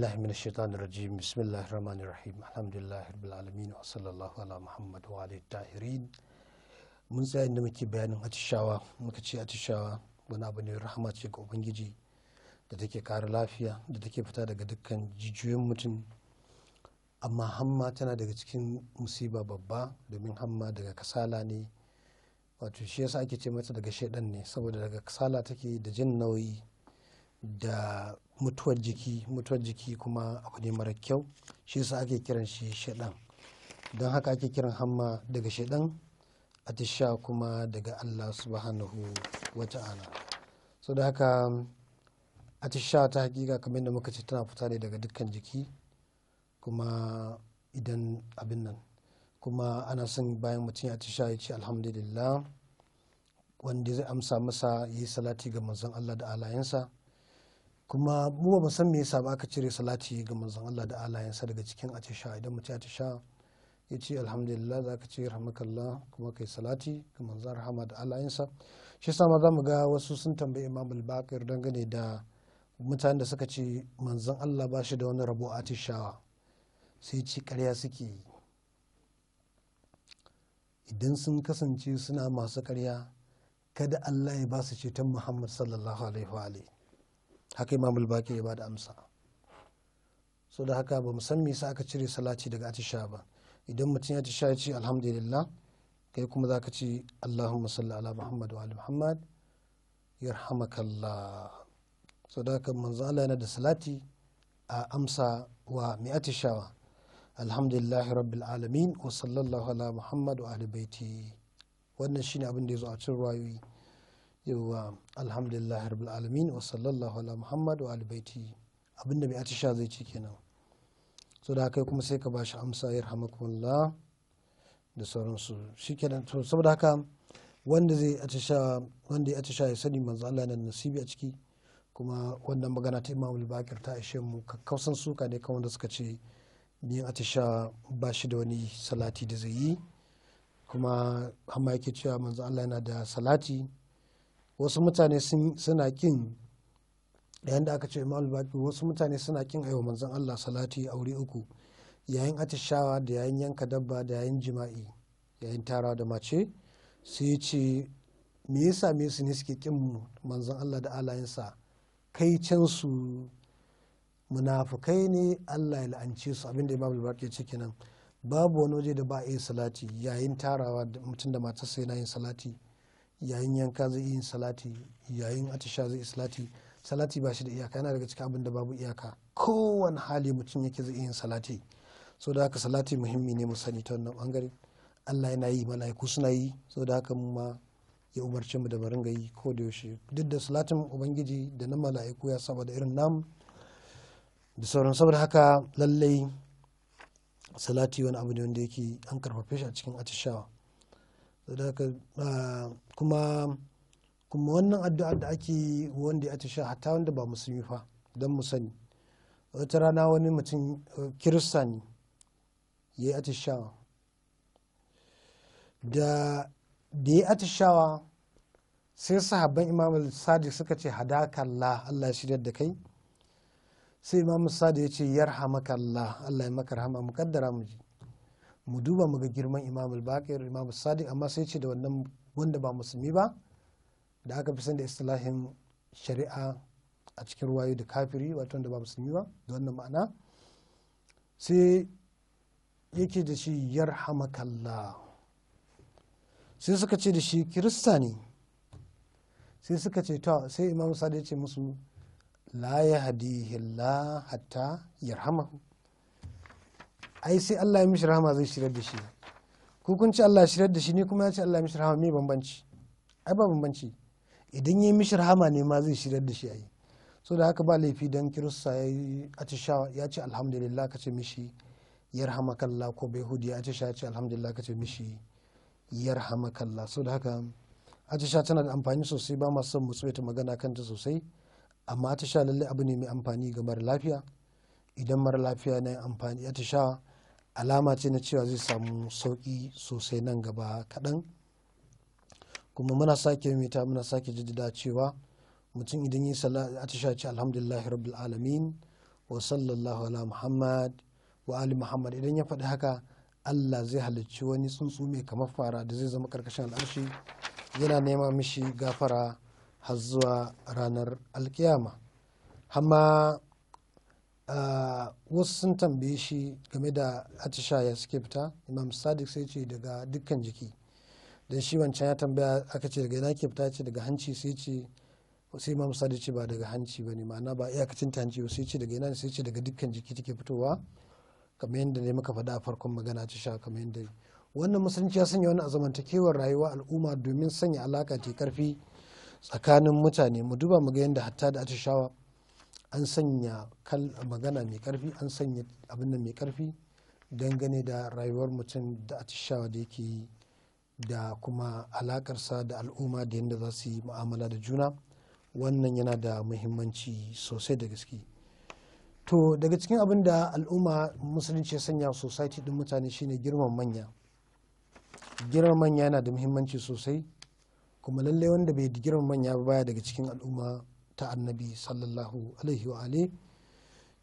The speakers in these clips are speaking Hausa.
billahi min shaitan rajim bismillah rahman rahim rabbil alamin wa sallallahu ala muhammad wa alihi tahirin mun sai inda muke bayanin atishawa muka ce atishawa wani abu ne rahama ce ga ubangiji da take kare lafiya da take fita daga dukkan jijiyoyin mutum amma hamma tana daga cikin musiba babba domin hamma daga kasala ne wato shi yasa ake ce mata daga shaidan ne saboda daga kasala take da jin nauyi da mutuwar jiki mutuwar jiki kuma abu ne mara kyau shi yasa ake kiran shi shaidan don haka ake kiran hamma daga shaidan atisha kuma daga Allah subhanahu wa ta'ala so da haka atisha ta hakika kamar da muka ce tana fita ne daga dukkan jiki kuma idan abin nan kuma ana son bayan mutum ya atisha ya ce alhamdulillah wanda zai amsa masa yi salati ga manzon Allah da alayensa kuma mu ba san me yasa ba aka cire salati ga manzon Allah da yansa daga cikin atisha idan mutum atisha ya ce alhamdulillah za ka ce rahmakallah kuma kai salati ga manzon rahama da yansa shi yasa ma za mu ga wasu sun tambayi imam al-baqir dangane da mutanen da suka ce manzon Allah ba shi da wani rabo atishawa sai ci karya suke idan sun kasance suna masu karya kada Allah ya ba su ceton Muhammad sallallahu alaihi wa alihi haka imamul baki ya bada amsa so da haka ba san me yasa aka cire salati daga atisha ba idan mutum ya atisha ya ce alhamdulillah kai kuma za ka ci allahumma salli ala muhammad wa ali muhammad yarhamakallah so da haka manzo Allah yana da salati a amsa wa mai atishawa alhamdulillahi rabbil alamin wa sallallahu ala muhammad wa ali baiti wannan shine abin da ya zo a cikin rayuwa yauwa alhamdulillah rabbil alamin wa sallallahu ala muhammad wa albaiti abinda mai atisha zai ce kenan so da haka kuma sai ka ba shi amsa ya rahamakumullah da sauransu shi kenan to saboda haka wanda zai atisha wanda ya atisha ya sani manzo Allah na nasibi a ciki kuma wannan magana ta Imam bakir ta ishe mu kakkausan suka ne kan wanda suka ce yin atisha ba shi da wani salati da zai yi kuma amma yake cewa manzo Allah yana da salati wasu mutane suna kin yayin aka ce imam baki wasu mutane suna kin aiwa manzon Allah salati aure uku yayin atishawa da yayin yanka dabba da yayin jima'i yayin tarawa da mace sai ya ce me yasa me su ne suke kin manzon Allah da alayensa kai can su munafukai ne Allah ya la'ance su abinda imam al ya ce kenan babu wani waje da ba a yi salati yayin tarawa mutum da matarsa yana yin salati yayin yanka zai yi salati yayin atisha zai yi salati salati ba shi da iyaka yana daga cikin abin da babu iyaka kowane hali mutum yake zai yi salati so da haka salati muhimmi ne mu sani ta wannan bangare Allah yana yi mala'iku suna yi so da haka mu ma ya umarci mu da ga gayi ko da yaushe duk da salatin ubangiji da na mala'iku ya saba da irin nam da sauran saboda haka lallai salati wani abu ne wanda yake an karfafe shi a cikin atishawa Ah, kuma kuma wannan addu'ar da ake wanda ya tashi hatta wanda ba musulmi fa don mu sani wata rana wani mutum eh, kirista ne ya yi atishawa da da ya atishawa sai sahabban imam sadiq suka ce hadaka Allah Allah ya shirya da kai sai imam sadiq ya ce yarhamaka Allah Allah ya maka rahama mu kaddara mu ji mu duba mu ga girman imam al-baqir imam sadiq amma sai ce da wannan wanda ba musulmi ba da aka fi san da istilahin shari'a a cikin ruwayo da kafiri wato wanda ba musulmi ba da wannan ma'ana sai yake da shi yarhamakallah sai suka ce da shi kirista ne sai suka ce to sai imam sadiq ya ce musu la yahdihillah hatta yarhamahu ai sai Allah ya mishi rahama zai shirar da shi ku kun ci Allah shirar da shi ne kuma ya ce Allah ya mishi rahama me bambanci ai ba bambanci idan ya mishi rahama ne ma zai shirar da shi ai so da haka ba laifi dan kirista ya yi sha ya ce alhamdulillah ka ce mishi yarhamakallah ko bai hudu ya sha ya ce alhamdulillah ka ce mishi yarhamakallah so da haka atisha tana da amfani sosai ba masu son musu ta magana kanta sosai amma atisha lallai abu ne mai amfani ga mara lafiya idan mara lafiya na amfani atisha alama ce na cewa zai samu sauƙi sosai nan gaba kaɗan kuma muna sake mita muna sake jaddada cewa mutum idan yi atisha ce alhamdulillahi rabbil alamin wa sallallahu ala muhammad wa ali muhammad idan ya faɗi haka allah zai halarci wani tsuntsu mai kamar fara da zai zama karkashin al'arshi yana nema mishi gafara har zuwa ranar alkiyama hamma wasu sun tambaye shi game da atishaya suke fita imam sadiq sai ce daga dukkan jiki don shi wancan ya tambaya aka ce daga yana ke fita ce daga hanci sai ce sai imam sadiq ce ba daga hanci ba ne ma'ana ba iyakacin ta hanci sai ce daga yana sai ce daga dukkan jiki take fitowa kamar yadda ne muka faɗa a farkon magana atisha kamar yadda wannan musulunci ya sanya wani azamantakewar rayuwa al'umma domin sanya alaka ta karfi tsakanin mutane mu duba mu ga yadda hatta da atishawa an sanya kal magana mai karfi an sanya abin nan mai karfi dangane da rayuwar mutum da atishawa da yake yi da kuma alakarsa da al'umma da yadda za su yi ma'amala da juna wannan yana da muhimmanci sosai da gaske to daga cikin abin da al'umma musulunci ya sanya society din mutane shine girman manya girman manya yana da muhimmanci sosai kuma lallai wanda bai girman manya ba baya daga cikin al'umma ta annabi sallallahu alaihi wa alihi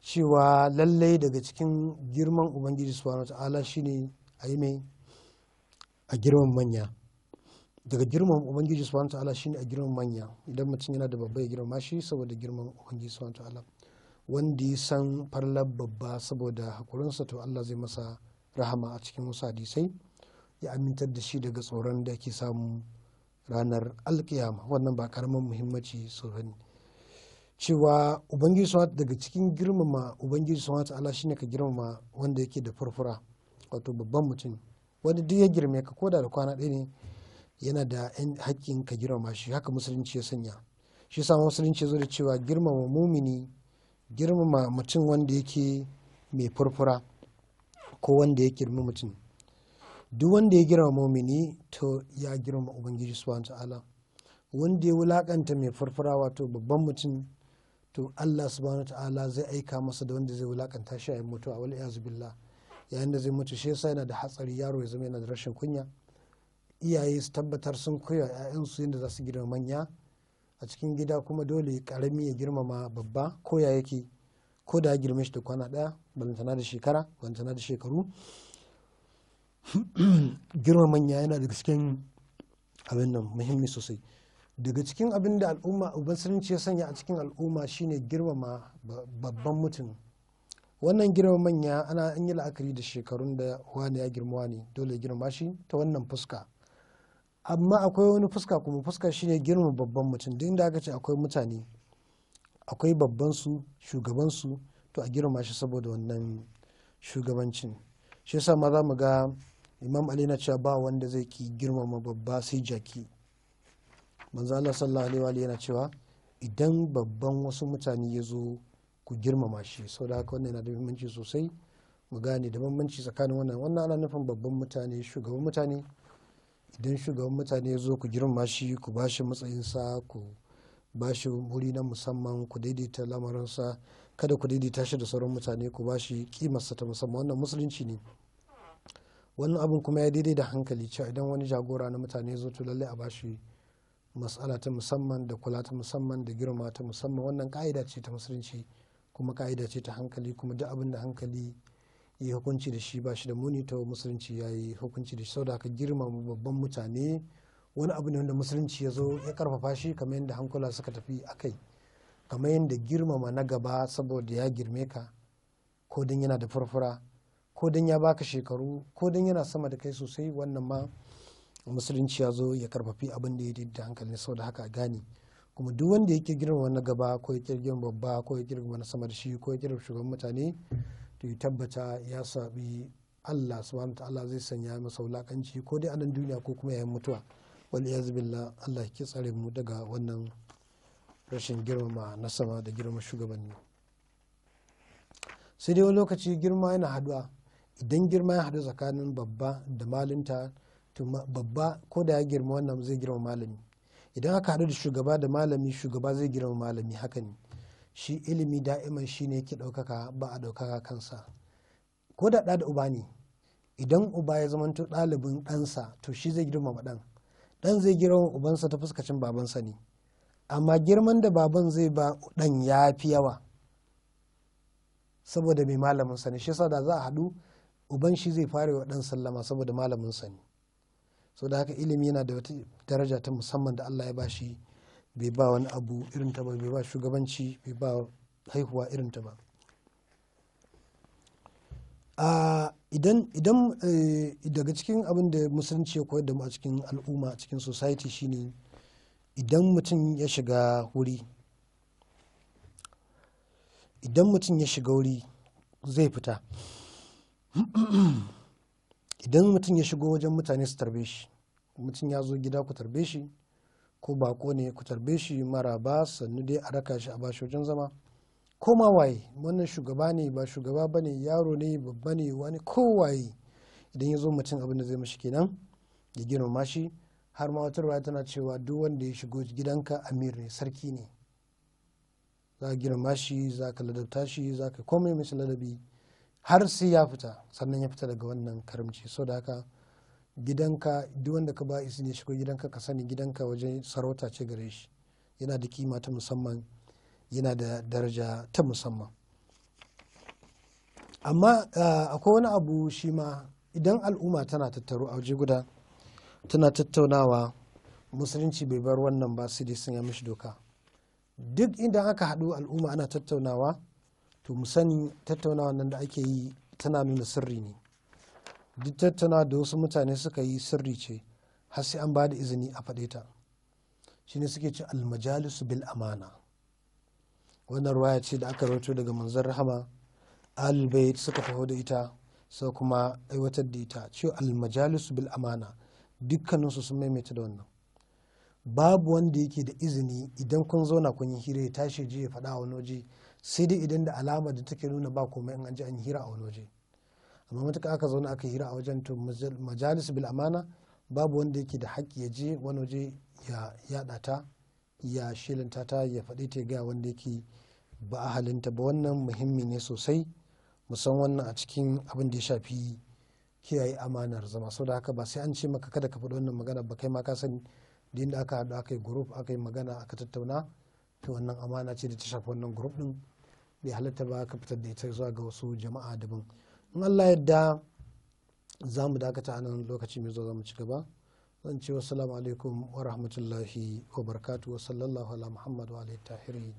cewa lallai daga cikin girman ubangiji subhanahu wa ta'ala shine a yi mai a girman manya daga girman ubangiji subhanahu wa ta'ala shine a girman manya idan mutum yana da babba ya girma shi saboda girman ubangiji subhanahu wa ta'ala wanda ya san farlar babba saboda hakurinsa to Allah zai masa rahama a cikin wasu hadisai ya amintar da shi daga tsoron da ke samu ranar alkiyama wannan ba karamin muhimmanci su cewa ubangiji subhanahu daga cikin girmama ubangiji subhanahu ta'ala shine ka girmama wanda yake da furfura wato babban mutum wanda duk ya girme ka koda da kwana ɗaya ne yana da haƙƙin ka girmama shi haka musulunci ya sanya shi yasa musulunci ya zo da cewa girmama mumini girmama mutum wanda yake mai furfura ko wanda ya girmi mutum duk wanda ya girma mumini to ya girmama ubangiji subhanahu ta'ala wanda ya wulakanta mai furfura wato babban mutum to Allah subhanahu ta'ala zai aika masa da wanda zai wulakanta shi a mutuwa wal iyazu billah yayin da zai mutu shi yasa yana da hatsari yaro ya zama yana da rashin kunya iyaye su tabbatar sun koya su yadda za su girma manya a cikin gida kuma dole karami ya girmama babba ko ya yake ko da ya girme shi da kwana ɗaya balantana da shekara balantana da shekaru girma manya yana da cikin abin nan muhimmi sosai daga cikin abin da al'umma musulunci ya sanya a cikin al'umma shine girmama babban mutum wannan girma manya ana an yi la'akari da shekarun da wani ya girma wani dole ya girma shi ta wannan fuska amma akwai wani fuska kuma fuska shine girma babban mutum duk da aka ce akwai mutane akwai babban su shugaban su to a girma shi saboda wannan shugabancin shi yasa ma za mu ga imam ali na cewa ba wanda zai ki girmama babba sai jaki manzo Allah sallallahu alaihi wa yana cewa idan babban wasu mutane ya zo ku girmama shi sau da haka wannan yana da muhimmanci sosai mu gane da muhimmanci tsakanin wannan wannan ana nufin babban mutane shugaban mutane idan shugaban mutane ya zo ku girmama shi ku ba shi sa ku ba shi wuri na musamman ku daidaita lamarinsa kada ku daidaita shi da sauran mutane ku ba shi kimarsa ta musamman wannan musulunci ne wannan abin kuma ya daidai da hankali cewa idan wani jagora na mutane ya zo to lallai a ba shi matsala ta musamman da kula ta musamman da girma ta musamman wannan ka'ida ce ta musulunci kuma ka'ida ce ta hankali kuma duk abin da hankali ya hukunci da shi ba shi da muni ta musulunci ya yi hukunci da shi sau da haka girma babban mutane wani abu ne wanda musulunci ya zo ya karfafa shi kamar yadda hankula suka tafi a kai kamar yadda girmama na gaba saboda ya girme ka ko don yana da furfura ko don ya baka shekaru ko don yana sama da kai sosai wannan ma musulunci ya zo ya karfafi abin da ya yi da hankali da haka a gane kuma duk wanda ya girma wani gaba ko ya girma babba ko ya girma wani sama da shi ko ya girma shugaban mutane to ya tabbata ya sabi Allah subhanahu ta'ala zai sanya masa wulakanci ko dai a duniya ko kuma yayin mutuwa wal iyaz billah Allah ya tsare mu daga wannan rashin girmama na sama da girma shugabanni sai dai wani lokaci girma yana haduwa idan girma ya haɗu tsakanin babba da malinta to babba ko da ya girma wannan zai girma malami idan aka haɗu da shugaba da malami shugaba zai girma malami haka ne shi ilimi da'iman shi ne yake ɗaukaka ba a ɗaukaka kansa ko da ɗa uba ne idan uba ya zamanto ɗalibin ɗansa to shi zai girmama ɗan ɗan zai girma ubansa ta fuskacin babansa ne amma girman da baban zai ba ɗan ya fi yawa saboda mai malaminsa ne shi yasa da za a haɗu uban shi zai fara wa ɗan sallama saboda malaminsa ne so da haka ilimi yana da wata daraja ta musamman da Allah ya bashi bai ba wani abu irin ta ba bai ba shugabanci bai ba haihuwa irin ta ba a idan idan eh, daga cikin abin da musulunci ya koyar da mu a cikin al'umma a cikin society shine idan mutum ya shiga wuri idan mutum ya shiga wuri zai fita idan mutum ya shigo wajen mutane su tarbe shi mutum ya zo gida ku tarbe shi ko bako ne ku tarbe shi mara ba sannu dai a raka shi a bashi wajen zama ko ma waye wannan shugaba ne ba shugaba ba ne yaro ne babba ne wani ko waye idan ya zo mutum abin da zai mashi kenan ya girmama shi har ma wata rawa tana cewa duk wanda ya shigo gidanka amir ne sarki ne za ka girma shi za ka ladabta shi za ka komai masa ladabi har sai ya fita sannan ya fita daga wannan karamci so da haka gidanka duk wanda ka ba izini shigo gidanka ka sani gidanka wajen sarauta ce gare shi yana da kima ta musamman yana da daraja ta musamman amma ah, akwai wani abu shi ma idan al'umma tana tattaro a waje guda tana tattaunawa musulunci bai bar wannan ba sai dai sun yi mishi doka duk inda aka haɗu al'umma ana tattaunawa to mu sani tattaunawa nan da ake yi tana nuna sirri ne duk tattaunawa da wasu mutane suka yi sirri ce har sai an bada izini a faɗe ta shine suke ce almajalisu bil amana wannan ruwaya ce da aka rawato daga manzon rahama albay suka taho da ita sai kuma aiwatar da ita cewa almajalisu bil amana dukkaninsu sun maimaita da wannan babu wanda yake da izini idan kun zauna kun yi hira ya tashi je ya faɗa wani waje sai dai idan da alama da take nuna ba komai in an ji an hira a wani waje amma matuƙa aka zauna aka hira a wajen to majalis bil amana babu wanda yake da haƙƙi ya je wani waje ya yaɗa ta ya shilinta ta ya faɗi ta ga wanda yake ba a halinta ba wannan muhimmi ne sosai musan wannan a cikin abin da ya shafi kiyaye amanar zama saboda haka ba sai an ce maka kada ka faɗi wannan magana ba kai ma ka sani da inda aka haɗu aka yi group aka yi magana aka tattauna to wannan amana ce da ta shafi wannan group din bai halatta ba ka fitar da ita zuwa ga wasu jama'a daban in allah yadda za mu dakata a nan lokaci mai zuwa za mu ci gaba zan ce wasu alaikum wa rahmatullahi wa barakatu wa sallallahu ala muhammad wa alaihi tahiri